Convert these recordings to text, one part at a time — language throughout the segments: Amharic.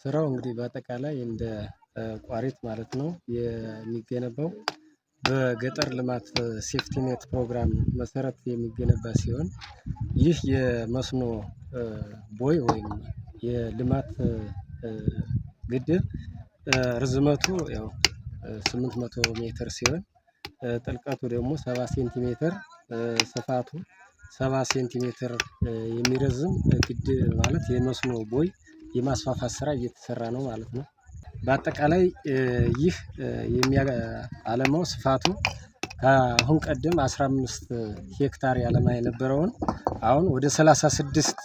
ስራው እንግዲህ በአጠቃላይ እንደ ቋሪት ማለት ነው የሚገነባው በገጠር ልማት ሴፍቲኔት ፕሮግራም መሰረት የሚገነባ ሲሆን ይህ የመስኖ ቦይ ወይም የልማት ግድብ ርዝመቱ ያው 800 ሜትር ሲሆን ጥልቀቱ ደግሞ ሰባ ሴንቲሜትር ስፋቱ ሰባ ሴንቲሜትር የሚረዝም ግድብ ማለት የመስኖ ቦይ የማስፋፋት ስራ እየተሰራ ነው ማለት ነው። በአጠቃላይ ይህ የሚያለማው ስፋቱ ከአሁን ቀደም 15 ሄክታር ያለማ የነበረውን አሁን ወደ 36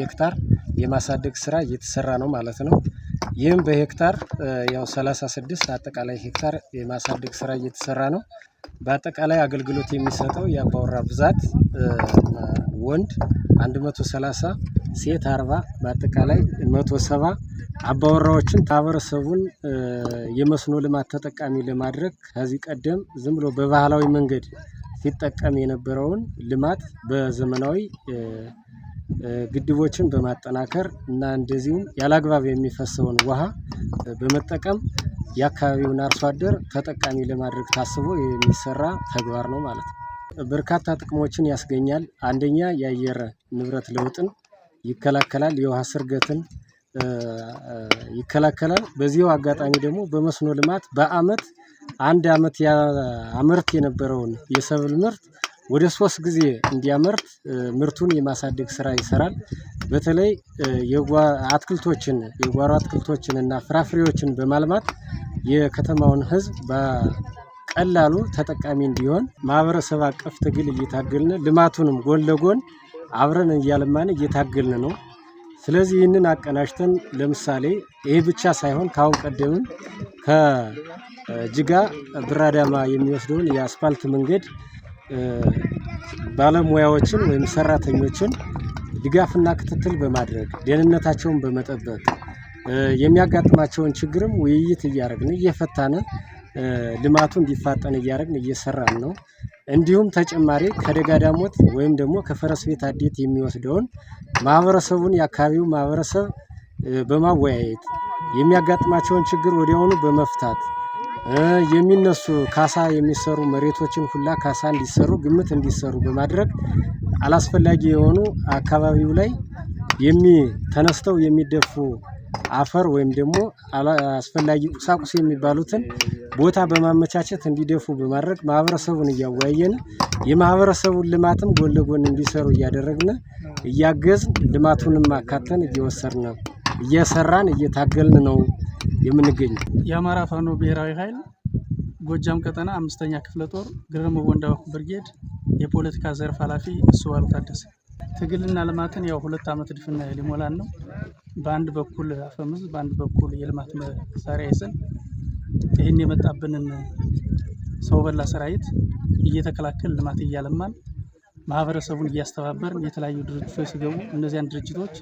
ሄክታር የማሳደግ ስራ እየተሰራ ነው ማለት ነው። ይህም በሄክታር ያው 36 አጠቃላይ ሄክታር የማሳደግ ስራ እየተሰራ ነው። በአጠቃላይ አገልግሎት የሚሰጠው የአባወራ ብዛት ወንድ 130 ሴት አርባ በአጠቃላይ መቶ ሰባ አባወራዎችን ማህበረሰቡን የመስኖ ልማት ተጠቃሚ ለማድረግ ከዚህ ቀደም ዝም ብሎ በባህላዊ መንገድ ሲጠቀም የነበረውን ልማት በዘመናዊ ግድቦችን በማጠናከር እና እንደዚሁም ያለአግባብ የሚፈሰውን ውሃ በመጠቀም የአካባቢውን አርሶ አደር ተጠቃሚ ለማድረግ ታስቦ የሚሰራ ተግባር ነው ማለት ነው። በርካታ ጥቅሞችን ያስገኛል። አንደኛ የአየር ንብረት ለውጥን ይከላከላል የውሃ ስርገትን ይከላከላል። በዚሁ አጋጣሚ ደግሞ በመስኖ ልማት በአመት አንድ አመት ያመርት የነበረውን የሰብል ምርት ወደ ሶስት ጊዜ እንዲያመርት ምርቱን የማሳደግ ስራ ይሰራል። በተለይ አትክልቶችን የጓሮ አትክልቶችን እና ፍራፍሬዎችን በማልማት የከተማውን ህዝብ በቀላሉ ተጠቃሚ እንዲሆን ማህበረሰብ አቀፍ ትግል እየታገልን ልማቱንም ጎን ለጎን አብረን እያለማን እየታገልን ነው። ስለዚህ ይህንን አቀናጅተን ለምሳሌ ይህ ብቻ ሳይሆን ከአሁን ቀደምም ከጅጋ ብራዳማ የሚወስደውን የአስፋልት መንገድ ባለሙያዎችን ወይም ሰራተኞችን ድጋፍና ክትትል በማድረግ ደህንነታቸውን በመጠበቅ የሚያጋጥማቸውን ችግርም ውይይት እያደረግን እየፈታን ልማቱ እንዲፋጠን እያደረግን እየሰራን ነው። እንዲሁም ተጨማሪ ከደጋ ዳሞት ወይም ደግሞ ከፈረስ ቤት አዴት የሚወስደውን ማህበረሰቡን የአካባቢው ማህበረሰብ በማወያየት የሚያጋጥማቸውን ችግር ወዲያውኑ በመፍታት የሚነሱ ካሳ የሚሰሩ መሬቶችን ሁላ ካሳ እንዲሰሩ ግምት እንዲሰሩ በማድረግ አላስፈላጊ የሆኑ አካባቢው ላይ ተነስተው የሚደፉ አፈር ወይም ደግሞ አስፈላጊ ቁሳቁስ የሚባሉትን ቦታ በማመቻቸት እንዲደፉ በማድረግ ማህበረሰቡን እያወያየን የማህበረሰቡን ልማትም ጎን ለጎን እንዲሰሩ እያደረግን እያገዝን ልማቱንም አካተን እየወሰድን እየሰራን እየታገልን ነው የምንገኘው። የአማራ ፋኖ ብሔራዊ ኃይል ጎጃም ቀጠና አምስተኛ ክፍለ ጦር ግርም ወንዳው ብርጌድ የፖለቲካ ዘርፍ ኃላፊ እሱባለው ታደሰ ትግልና ልማትን ያው ሁለት ዓመት ድፍን ሊሞላን ነው። በአንድ በኩል አፈሙዝ፣ በአንድ በኩል የልማት መሳሪያ ይዘን ይህን የመጣብንን ሰው በላ ሰራዊት እየተከላከል ልማት እያለማን ማህበረሰቡን እያስተባበርን የተለያዩ ድርጅቶች ሲገቡ እነዚያን ድርጅቶች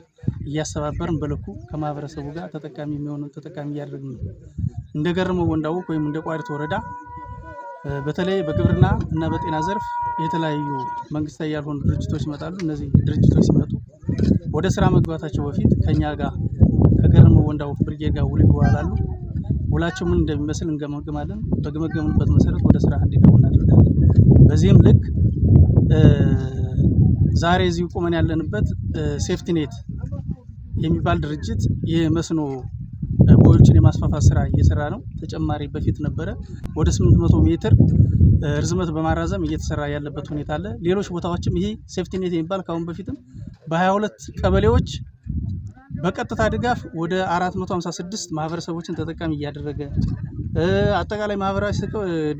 እያስተባበርን በልኩ ከማህበረሰቡ ጋር ተጠቃሚ የሚሆኑ ተጠቃሚ እያደረግን ነው። እንደ ገረመው ወንዳውቅ ወይም እንደ ቋሪት ወረዳ በተለይ በግብርና እና በጤና ዘርፍ የተለያዩ መንግስታዊ ያልሆኑ ድርጅቶች ይመጣሉ። እነዚህ ድርጅቶች ሲመጡ ወደ ስራ መግባታቸው በፊት ከኛ ጋር ከገርሞ ወንዳው ብርጌድ ጋር ውል ይዋላሉ። ውላቸው ምን እንደሚመስል እንገመግማለን። በገመገምንበት መሰረት ወደ ስራ እንዲገቡ እናደርጋለን። በዚህም ልክ ዛሬ እዚህ ቁመን ያለንበት ሴፍቲኔት የሚባል ድርጅት የመስኖ ቦዮችን የማስፋፋት ስራ እየሰራ ነው። ተጨማሪ በፊት ነበረ ወደ 800 ሜትር ርዝመት በማራዘም እየተሰራ ያለበት ሁኔታ አለ። ሌሎች ቦታዎችም ይሄ ሴፍቲኔት የሚባል ከአሁን በፊትም በ22 ቀበሌዎች በቀጥታ ድጋፍ ወደ 456 ማህበረሰቦችን ተጠቃሚ እያደረገ አጠቃላይ ማህበራዊ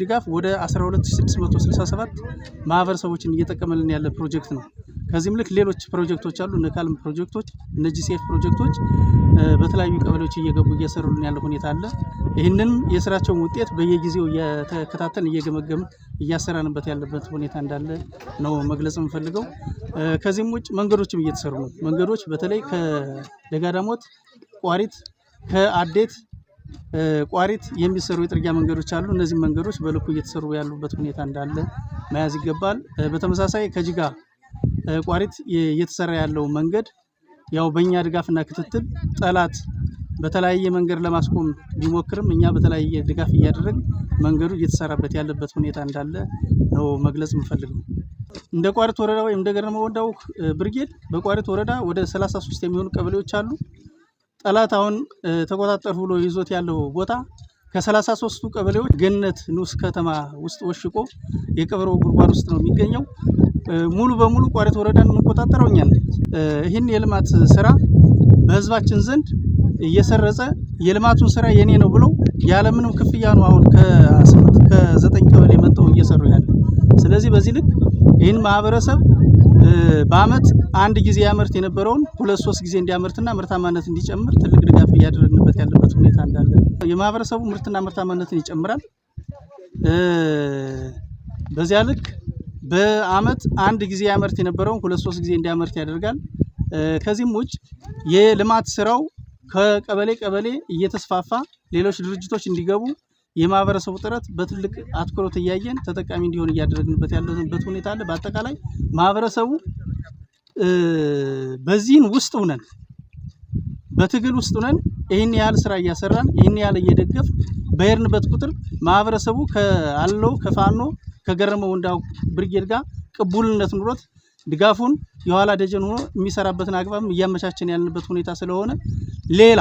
ድጋፍ ወደ 12667 ማህበረሰቦችን እየጠቀመልን ያለ ፕሮጀክት ነው። ከዚህም ልክ ሌሎች ፕሮጀክቶች አሉ። ነካልም ፕሮጀክቶች፣ እነዚህ ሴፍ ፕሮጀክቶች በተለያዩ ቀበሌዎች እየገቡ እየሰሩልን ያለ ሁኔታ አለ። ይህንን የስራቸውን ውጤት በየጊዜው እየተከታተን እየገመገም እያሰራንበት ያለበት ሁኔታ እንዳለ ነው መግለጽ የምፈልገው። ከዚህም ውጭ መንገዶችም እየተሰሩ ነው። መንገዶች በተለይ ከደጋዳሞት ቋሪት፣ ከአዴት ቋሪት የሚሰሩ የጥርጊያ መንገዶች አሉ። እነዚህ መንገዶች በልኩ እየተሰሩ ያሉበት ሁኔታ እንዳለ መያዝ ይገባል። በተመሳሳይ ከጅጋ ቋሪት እየተሰራ ያለው መንገድ ያው በእኛ ድጋፍና ክትትል ጠላት በተለያየ መንገድ ለማስቆም ቢሞክርም እኛ በተለያየ ድጋፍ እያደረግ መንገዱ እየተሰራበት ያለበት ሁኔታ እንዳለ ነው መግለጽ የምፈልገው። እንደ ቋሪት ወረዳ ወይም እንደ ገረመ ወንዳው ብርጌድ በቋሪት ወረዳ ወደ 33 የሚሆኑ ቀበሌዎች አሉ። ጠላት አሁን ተቆጣጠር ብሎ ይዞት ያለው ቦታ ከ33ቱ ቀበሌዎች ገነት ንዑስ ከተማ ውስጥ ወሽቆ የቀበሮ ጉድጓድ ውስጥ ነው የሚገኘው። ሙሉ በሙሉ ቋሪት ወረዳን የምንቆጣጠረው እኛ ነን። ይህን የልማት ስራ በህዝባችን ዘንድ እየሰረጸ የልማቱን ስራ የኔ ነው ብሎ ያለምንም ክፍያ ነው አሁን ከስምንት ከዘጠኝ ቀበሌ መጥተው እየሰሩ ያለ። ስለዚህ በዚህ ልክ ይህን ማህበረሰብ በአመት አንድ ጊዜ ያመርት የነበረውን ሁለት ሶስት ጊዜ እንዲያመርትና ምርታማነት እንዲጨምር ትልቅ ድጋፍ እያደረግንበት ያለበት ሁኔታ እንዳለ የማህበረሰቡ ምርትና ምርታማነትን ይጨምራል። በዚያ ልክ በአመት አንድ ጊዜ ያመርት የነበረውን ሁለት ሶስት ጊዜ እንዲያመርት ያደርጋል። ከዚህም ውጭ የልማት ስራው ከቀበሌ ቀበሌ እየተስፋፋ ሌሎች ድርጅቶች እንዲገቡ የማህበረሰቡ ጥረት በትልቅ አትኩሮት እያየን ተጠቃሚ እንዲሆን እያደረግንበት ያለንበት ሁኔታ አለ። በአጠቃላይ ማህበረሰቡ በዚህን ውስጥ ሁነን በትግል ውስጥ ሁነን ይህን ያህል ስራ እያሰራን ይህን ያህል እየደገፍ በሄድንበት ቁጥር ማህበረሰቡ ከአለው ከፋኖ ከገረመው ወንዳው ብርጌድ ጋር ቅቡልነት ኑሮት ድጋፉን የኋላ ደጀን ሆኖ የሚሰራበትን አግባብ እያመቻችን ያልንበት ሁኔታ ስለሆነ ሌላ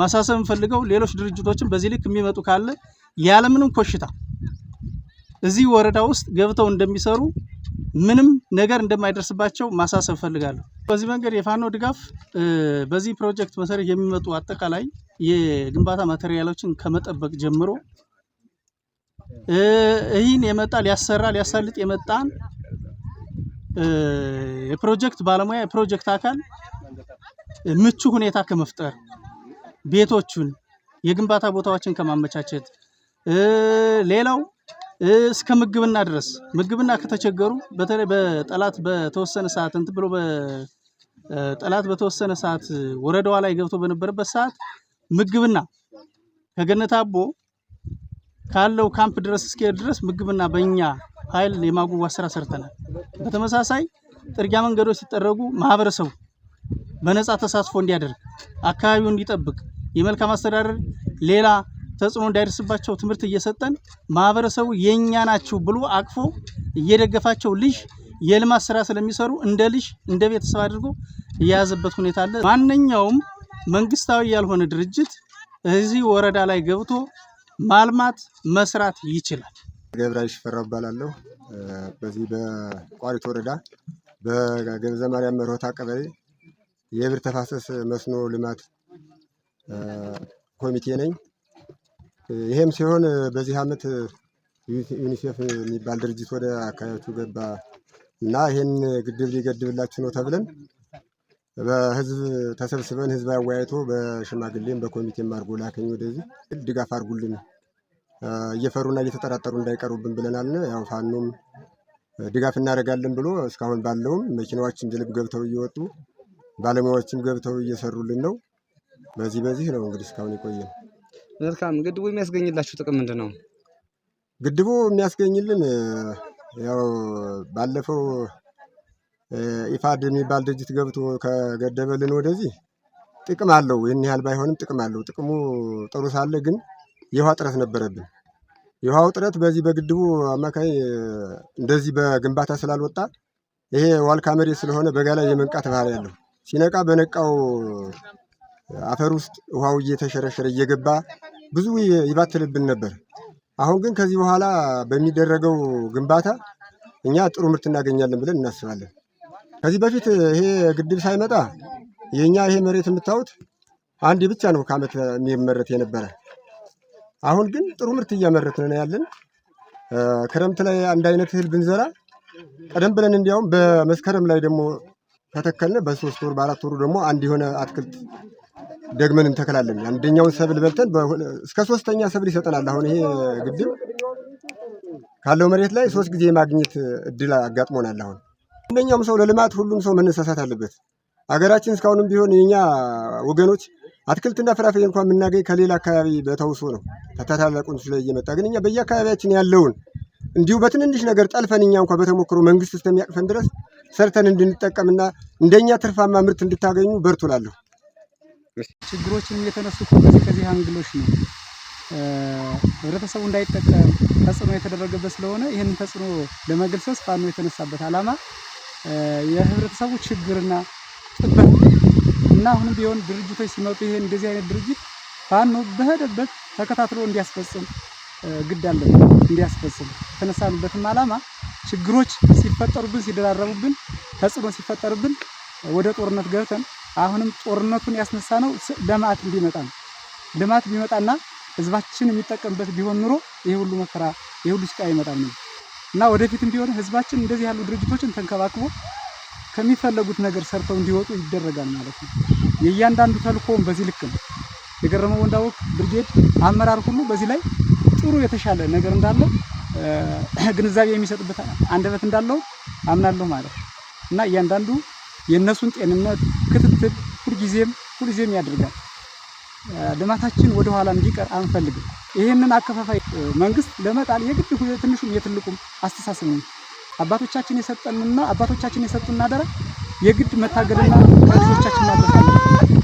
ማሳሰብ ፈልገው ሌሎች ድርጅቶችን በዚህ ልክ የሚመጡ ካለ ያለምንም ኮሽታ እዚህ ወረዳ ውስጥ ገብተው እንደሚሰሩ ምንም ነገር እንደማይደርስባቸው ማሳሰብ ፈልጋለሁ። በዚህ መንገድ የፋኖ ድጋፍ በዚህ ፕሮጀክት መሰረት የሚመጡ አጠቃላይ የግንባታ ማቴሪያሎችን ከመጠበቅ ጀምሮ ይህን የመጣ ያሰራል ያሳልጥ የመጣን የፕሮጀክት ባለሙያ የፕሮጀክት አካል ምቹ ሁኔታ ከመፍጠር ቤቶቹን የግንባታ ቦታዎችን ከማመቻቸት ሌላው እስከ ምግብና ድረስ ምግብና ከተቸገሩ በተለይ በጠላት በተወሰነ ሰዓት እንትን ብሎ በጠላት በተወሰነ ሰዓት ወረዳዋ ላይ ገብቶ በነበረበት ሰዓት ምግብና ከገነት አቦ ካለው ካምፕ ድረስ እስኪሄድ ድረስ ምግብና በእኛ ኃይል የማጓጓዝ ስራ ሰርተናል። በተመሳሳይ ጥርጊያ መንገዶች ሲጠረጉ ማህበረሰቡ በነጻ ተሳትፎ እንዲያደርግ፣ አካባቢውን እንዲጠብቅ፣ የመልካም አስተዳደር ሌላ ተጽዕኖ እንዳይደርስባቸው ትምህርት እየሰጠን ማህበረሰቡ የእኛ ናቸው ብሎ አቅፎ እየደገፋቸው ልጅ የልማት ስራ ስለሚሰሩ እንደ ልጅ እንደ ቤተሰብ አድርጎ እየያዘበት ሁኔታ አለ። ማንኛውም መንግስታዊ ያልሆነ ድርጅት እዚህ ወረዳ ላይ ገብቶ ማልማት መስራት ይችላል። ገብረ ሽፈራ እባላለሁ። በዚህ በቋሪት ወረዳ በገንዘ ማርያም መርሆታ ቀበሌ የብር ተፋሰስ መስኖ ልማት ኮሚቴ ነኝ። ይህም ሲሆን በዚህ ዓመት ዩኒሴፍ የሚባል ድርጅት ወደ አካባቢያችሁ ገባ እና ይህን ግድብ ሊገድብላችሁ ነው ተብለን በህዝብ ተሰብስበን ህዝብ አወያይቶ በሽማግሌም በኮሚቴም አድርጎ ላከኝ ወደዚህ ድጋፍ አድርጉልን እየፈሩና እየተጠራጠሩ እንዳይቀሩብን ብለናል። ያው ፋኖም ድጋፍ እናደርጋለን ብሎ እስካሁን ባለውም መኪናዎች እንደ ልብ ገብተው እየወጡ ባለሙያዎችም ገብተው እየሰሩልን ነው። በዚህ በዚህ ነው እንግዲህ እስካሁን የቆየን። መልካም ግድቡ የሚያስገኝላችሁ ጥቅም ምንድን ነው? ግድቡ የሚያስገኝልን ያው ባለፈው ኢፋድ የሚባል ድርጅት ገብቶ ከገደበልን ወደዚህ ጥቅም አለው። ይህን ያህል ባይሆንም ጥቅም አለው። ጥቅሙ ጥሩ ሳለ ግን የውሃ ጥረት ነበረብን። የውሃው ጥረት በዚህ በግድቡ አማካይ እንደዚህ በግንባታ ስላልወጣ ይሄ ዋልካ መሬት ስለሆነ በጋ ላይ የመንቃት ባህሪ ያለው ሲነቃ በነቃው አፈር ውስጥ ውሃው እየተሸረሸረ እየገባ ብዙ ይባትልብን ነበር። አሁን ግን ከዚህ በኋላ በሚደረገው ግንባታ እኛ ጥሩ ምርት እናገኛለን ብለን እናስባለን። ከዚህ በፊት ይሄ ግድብ ሳይመጣ የኛ ይሄ መሬት የምታዩት አንድ ብቻ ነው ከዓመት የሚመረት የነበረ። አሁን ግን ጥሩ ምርት እያመረትን ነው ያለን። ክረምት ላይ አንድ አይነት እህል ብንዘራ ቀደም ብለን እንዲያውም በመስከረም ላይ ደግሞ ተተከልን፣ በሶስት ወር በአራት ወሩ ደግሞ አንድ የሆነ አትክልት ደግመን እንተክላለን። አንደኛውን ሰብል በልተን እስከ ሶስተኛ ሰብል ይሰጠናል። አሁን ይሄ ግድብ ካለው መሬት ላይ ሶስት ጊዜ የማግኘት እድል አጋጥሞናል አሁን አንደኛውም ሰው ለልማት ሁሉም ሰው መነሳሳት አለበት። አገራችን እስካሁንም ቢሆን የኛ ወገኖች አትክልትና ፍራፍሬ እንኳን የምናገኝ ከሌላ አካባቢ በተውሶ ነው ከታላላቅ ወንዞች ላይ እየመጣ ግን እኛ በየአካባቢያችን ያለውን እንዲሁ በትንንሽ ነገር ጠልፈን እኛ እንኳ በተሞክሮ መንግስት እስከሚያቅፈን ድረስ ሰርተን እንድንጠቀምና እንደኛ ትርፋማ ምርት እንድታገኙ በርቱ እላለሁ። ችግሮችም የተነሱ ከዚህ ከዚህ አንግሎች ነው ህብረተሰቡ እንዳይጠቀም ተጽዕኖ የተደረገበት ስለሆነ ይህንን ተጽዕኖ ለመገልሰስ ፋኖ የተነሳበት አላማ የህብረተሰቡ ችግርና ጥበት እና አሁንም ቢሆን ድርጅቶች ሲመጡ ይሄ እንደዚህ አይነት ድርጅት ፋኖ በሄደበት ተከታትሎ እንዲያስፈጽም ግድ አለብን እንዲያስፈጽም። የተነሳንበትም አላማ ችግሮች ሲፈጠሩብን ሲደራረቡብን፣ ተጽዕኖ ሲፈጠርብን ወደ ጦርነት ገብተን አሁንም ጦርነቱን ያስነሳ ነው ልማት እንዲመጣ ነው። ልማት ቢመጣና ህዝባችን የሚጠቀምበት ቢሆን ኑሮ ይህ ሁሉ መከራ ይህ ሁሉ ስቃይ አይመጣም ነው። እና ወደፊትም ቢሆን ህዝባችን እንደዚህ ያሉ ድርጅቶችን ተንከባክቦ ከሚፈለጉት ነገር ሰርተው እንዲወጡ ይደረጋል ማለት ነው። የእያንዳንዱ ተልኮውን በዚህ ልክ ነው። የገረመው ወንዳወቅ ብርጌድ አመራር ሁሉ በዚህ ላይ ጥሩ የተሻለ ነገር እንዳለው ግንዛቤ የሚሰጥበት አንደበት እንዳለው አምናለሁ ማለት ነው እና እያንዳንዱ የእነሱን ጤንነት ክትትል ሁልጊዜም ሁልጊዜም ያደርጋል። ልማታችን ወደኋላ እንዲቀር አንፈልግም። ይህንን አከፋፋይ መንግስት ለመጣል የግድ ትንሹም የትልቁም አስተሳሰብ ነው። አባቶቻችን የሰጠንና አባቶቻችን የሰጡን አደራ የግድ መታገልና ከልጆቻችን ነው።